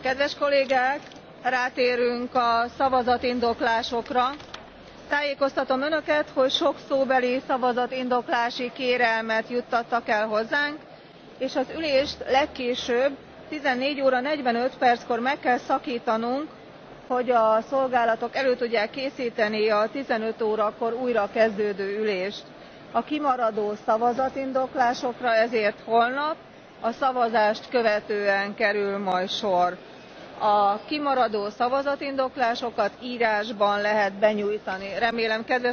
kedves kollégák rátérünk a szavazatindoklásokra. tájékoztatom önöket hogy sok szóbeli szavazatindoklási kérelmet juttattak el hozzánk és az ülést legkésőbb fourteen óra forty five perckor meg kell szaktanunk hogy a szolgálatok elő tudják készteni a fifteen órakor újra kezdődő ülést. a kimaradó szavazatindoklásokra ezért holnap a szavazást követően kerül majd sor. a kimaradó szavazatindoklásokat rásban lehet benyújtani. remélem